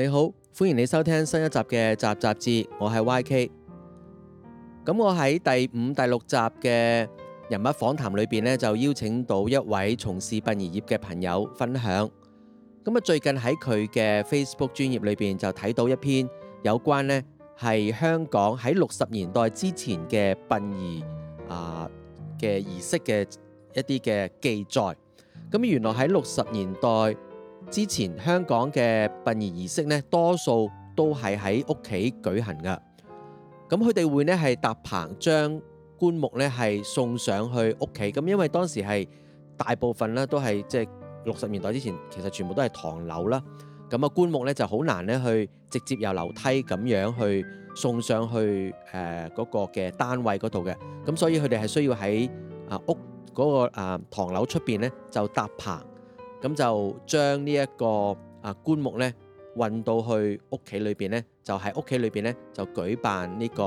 你好，歡迎你收聽新一集嘅《集雜誌》，我，我係 YK。咁我喺第五、第六集嘅人物訪談裏邊呢，就邀請到一位從事殯儀業嘅朋友分享。咁啊，最近喺佢嘅 Facebook 專頁裏邊就睇到一篇有關呢係香港喺六十年代之前嘅殯儀啊嘅儀式嘅一啲嘅記載。咁原來喺六十年代之前香港嘅殯儀儀式呢，多數都係喺屋企舉行㗎。咁佢哋會呢係搭棚，將棺木呢係送上去屋企。咁因為當時係大部分呢都係即係六十年代之前，其實全部都係唐樓啦。咁啊棺木呢就好難呢去直接由樓梯咁樣去送上去誒嗰、呃嗰個嘅單位嗰度嘅。咁所以佢哋係需要喺啊屋嗰、嗰個啊唐樓出邊呢就搭棚。咁就將呢一個啊棺木咧運到去屋企裏邊咧，就喺屋企裏邊咧就舉辦呢個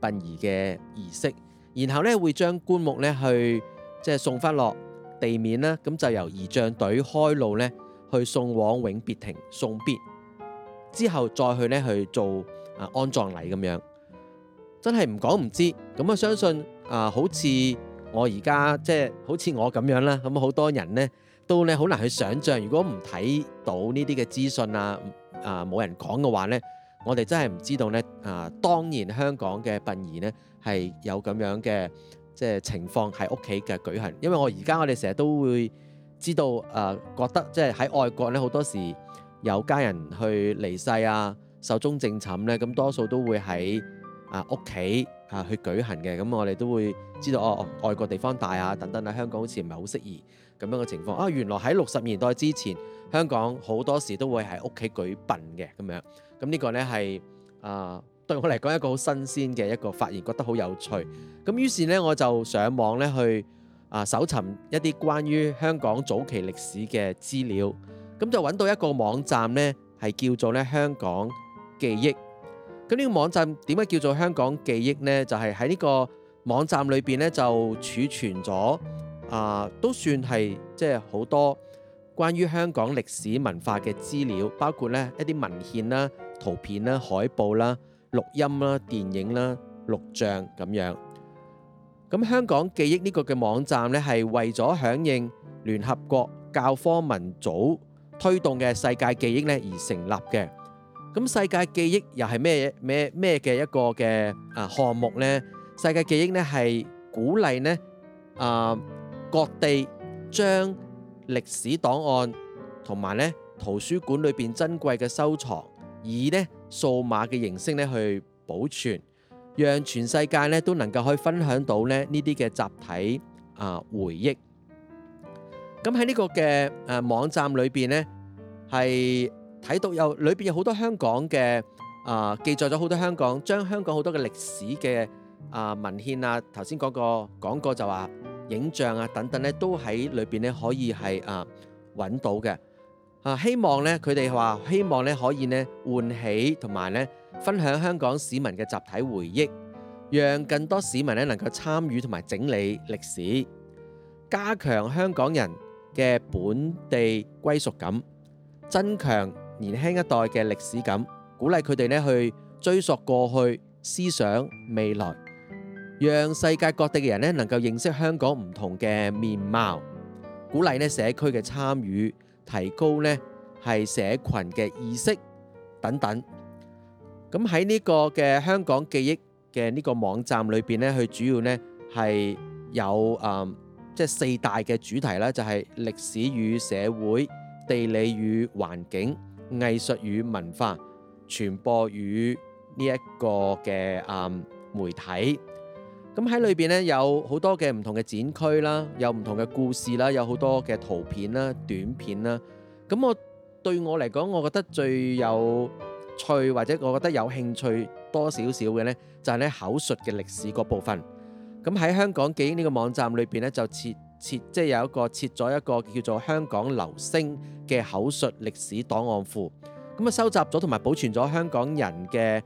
殯儀嘅儀式，然後咧會將棺木咧去即係送翻落地面啦。咁就由儀仗隊開路咧去送往永別亭送別，之後再去咧去做啊安葬禮咁樣。真係唔講唔知，咁啊相信啊好似我而家即係好似我咁樣啦，咁好多人咧。都咧好難去想像，如果唔睇到呢啲嘅資訊啊，啊、呃、冇人講嘅話呢，我哋真係唔知道呢。啊、呃。當然香港嘅殯儀呢係有咁樣嘅即係情況喺屋企嘅舉行，因為我而家我哋成日都會知道啊、呃，覺得即係喺外國呢，好多時有家人去離世啊，壽終正寢呢，咁多數都會喺啊屋企啊去舉行嘅。咁我哋都會知道哦，外國地方大啊，等等啊，香港好似唔係好適宜。咁樣嘅情況啊，原來喺六十年代之前，香港好多時都會喺屋企舉辦嘅咁樣。咁、嗯、呢、這個呢，係啊、呃，對我嚟講一個好新鮮嘅一個發現，覺得好有趣。咁、嗯、於是呢，我就上網呢去啊、呃、搜尋一啲關於香港早期歷史嘅資料。咁、嗯、就揾到一個網站呢係叫做呢香港記憶。咁呢、嗯這個網站點解叫做香港記憶呢？就係喺呢個網站裏邊呢，就儲存咗。啊，都算係即係好多關於香港歷史文化嘅資料，包括呢一啲文獻啦、圖片啦、海報啦、錄音啦、電影啦、錄像咁樣。咁香港記憶呢個嘅網站呢，係為咗響應聯合國教科文組推動嘅世界記憶呢而成立嘅。咁世界記憶又係咩嘢咩咩嘅一個嘅啊項目呢？世界記憶呢係鼓勵呢啊，各地將歷史檔案同埋咧圖書館裏邊珍貴嘅收藏，以咧數碼嘅形式咧去保存，讓全世界咧都能夠可以分享到咧呢啲嘅集體啊回憶。咁喺呢個嘅誒網站裏邊咧，係睇到有裏邊有好多香港嘅啊，記載咗好多香港將香港好多嘅歷史嘅啊文獻啊，頭先嗰個講過就話。影像啊等等咧，都喺裏邊咧可以係啊揾到嘅啊，希望咧佢哋話希望咧可以咧喚起同埋咧分享香港市民嘅集體回憶，讓更多市民咧能夠參與同埋整理歷史，加強香港人嘅本地歸屬感，增強年輕一代嘅歷史感，鼓勵佢哋咧去追溯過去，思想未來。讓世界各地嘅人咧能夠認識香港唔同嘅面貌，鼓勵咧社區嘅參與，提高咧係社群嘅意識等等。咁喺呢個嘅香港記憶嘅呢個網站裏邊咧，佢主要咧係有誒即係四大嘅主題啦，就係歷史與社會、地理與環境、藝術與文化、傳播與呢一個嘅誒媒體。咁喺裏邊咧有好多嘅唔同嘅展區啦，有唔同嘅故事啦，有好多嘅圖片啦、短片啦。咁我對我嚟講，我覺得最有趣或者我覺得有興趣多少少嘅呢，就係、是、咧口述嘅歷史嗰部分。咁喺香港記憶呢、這個網站裏邊呢，就設設即係有一個設咗一個叫做「香港留聲」嘅口述歷史檔案庫。咁啊收集咗同埋保存咗香港人嘅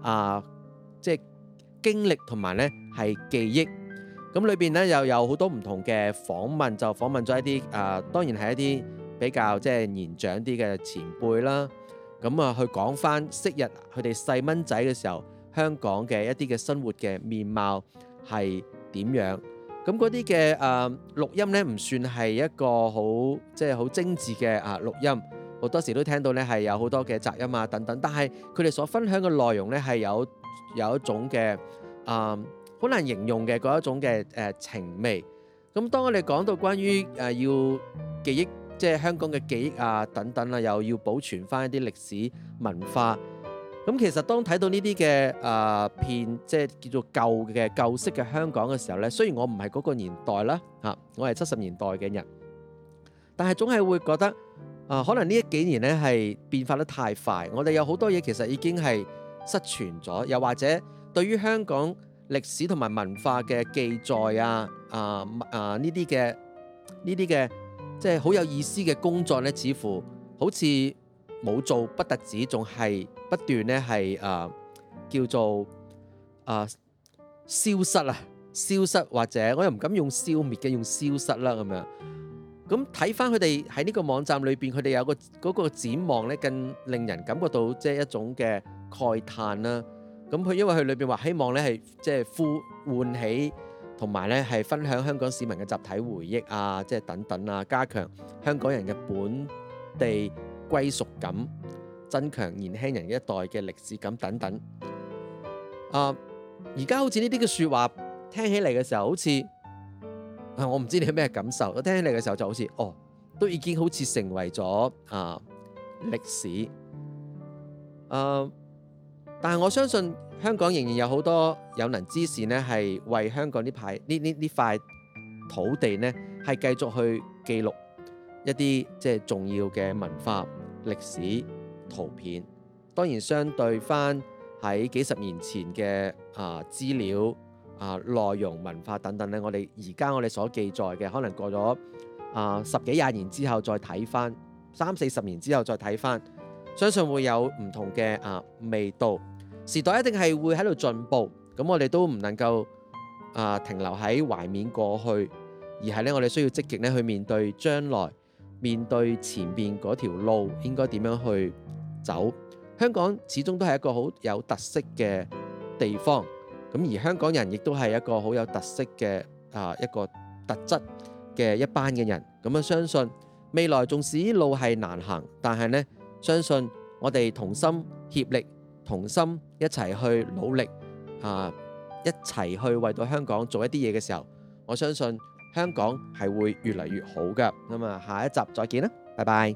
啊。呃經歷同埋咧係記憶，咁裏邊咧又有好多唔同嘅訪問，就訪問咗一啲誒、呃，當然係一啲比較即係年長啲嘅前輩啦，咁、嗯、啊去講翻昔日佢哋細蚊仔嘅時候，香港嘅一啲嘅生活嘅面貌係點樣？咁嗰啲嘅誒錄音咧，唔算係一個好即係好精緻嘅啊錄音，好多時都聽到咧係有好多嘅雜音啊等等，但係佢哋所分享嘅內容咧係有。有一種嘅，嗯、呃，好難形容嘅嗰一種嘅誒、呃、情味。咁當我哋講到關於誒、呃、要記憶，即係香港嘅記憶啊等等啦，又要保存返一啲歷史文化。咁其實當睇到呢啲嘅誒片，即係叫做舊嘅舊式嘅香港嘅時候咧，雖然我唔係嗰個年代啦，嚇、啊，我係七十年代嘅人，但係總係會覺得，啊、呃，可能呢一幾年咧係變化得太快。我哋有好多嘢其實已經係。失傳咗，又或者對於香港歷史同埋文化嘅記載啊啊啊！呢啲嘅呢啲嘅，即係好有意思嘅工作咧，似乎好似冇做，不得止仲係不斷咧係啊，叫做啊、呃、消失啊消失，或者我又唔敢用消滅嘅，用消失啦咁樣。咁睇翻佢哋喺呢個網站裏邊，佢哋有個嗰、嗰個展望咧，更令人感覺到即係一種嘅。慨嘆啦、啊，咁佢因為佢裏邊話希望咧係即係呼喚起同埋咧係分享香港市民嘅集體回憶啊，即係等等啊，加強香港人嘅本地歸屬感，增強年輕人一代嘅歷史感等等。啊，而家好似呢啲嘅説話聽起嚟嘅時候好，好似啊，我唔知你係咩感受，我聽起嚟嘅時候就好似哦，都已經好似成為咗啊歷史啊。但係我相信香港仍然有好多有能之士，呢係為香港呢排呢呢呢塊土地，呢係繼續去記錄一啲即係重要嘅文化歷史圖片。當然，相對翻喺幾十年前嘅啊資料啊內容文化等等，呢我哋而家我哋所記載嘅，可能過咗啊十幾廿年之後再睇翻，三四十年之後再睇翻。相信會有唔同嘅啊味道。時代一定係會喺度進步，咁我哋都唔能夠啊停留喺懷緬過去，而係咧我哋需要積極咧去面對將來，面對前面嗰條路應該點樣去走。香港始終都係一個好有特色嘅地方，咁而香港人亦都係一個好有特色嘅啊一個特質嘅一班嘅人。咁啊，相信未來縱使路係難行，但係呢。相信我哋同心協力，同心一齊去努力，啊，一齊去為到香港做一啲嘢嘅時候，我相信香港係會越嚟越好㗎。咁啊，下一集再見啦，拜拜。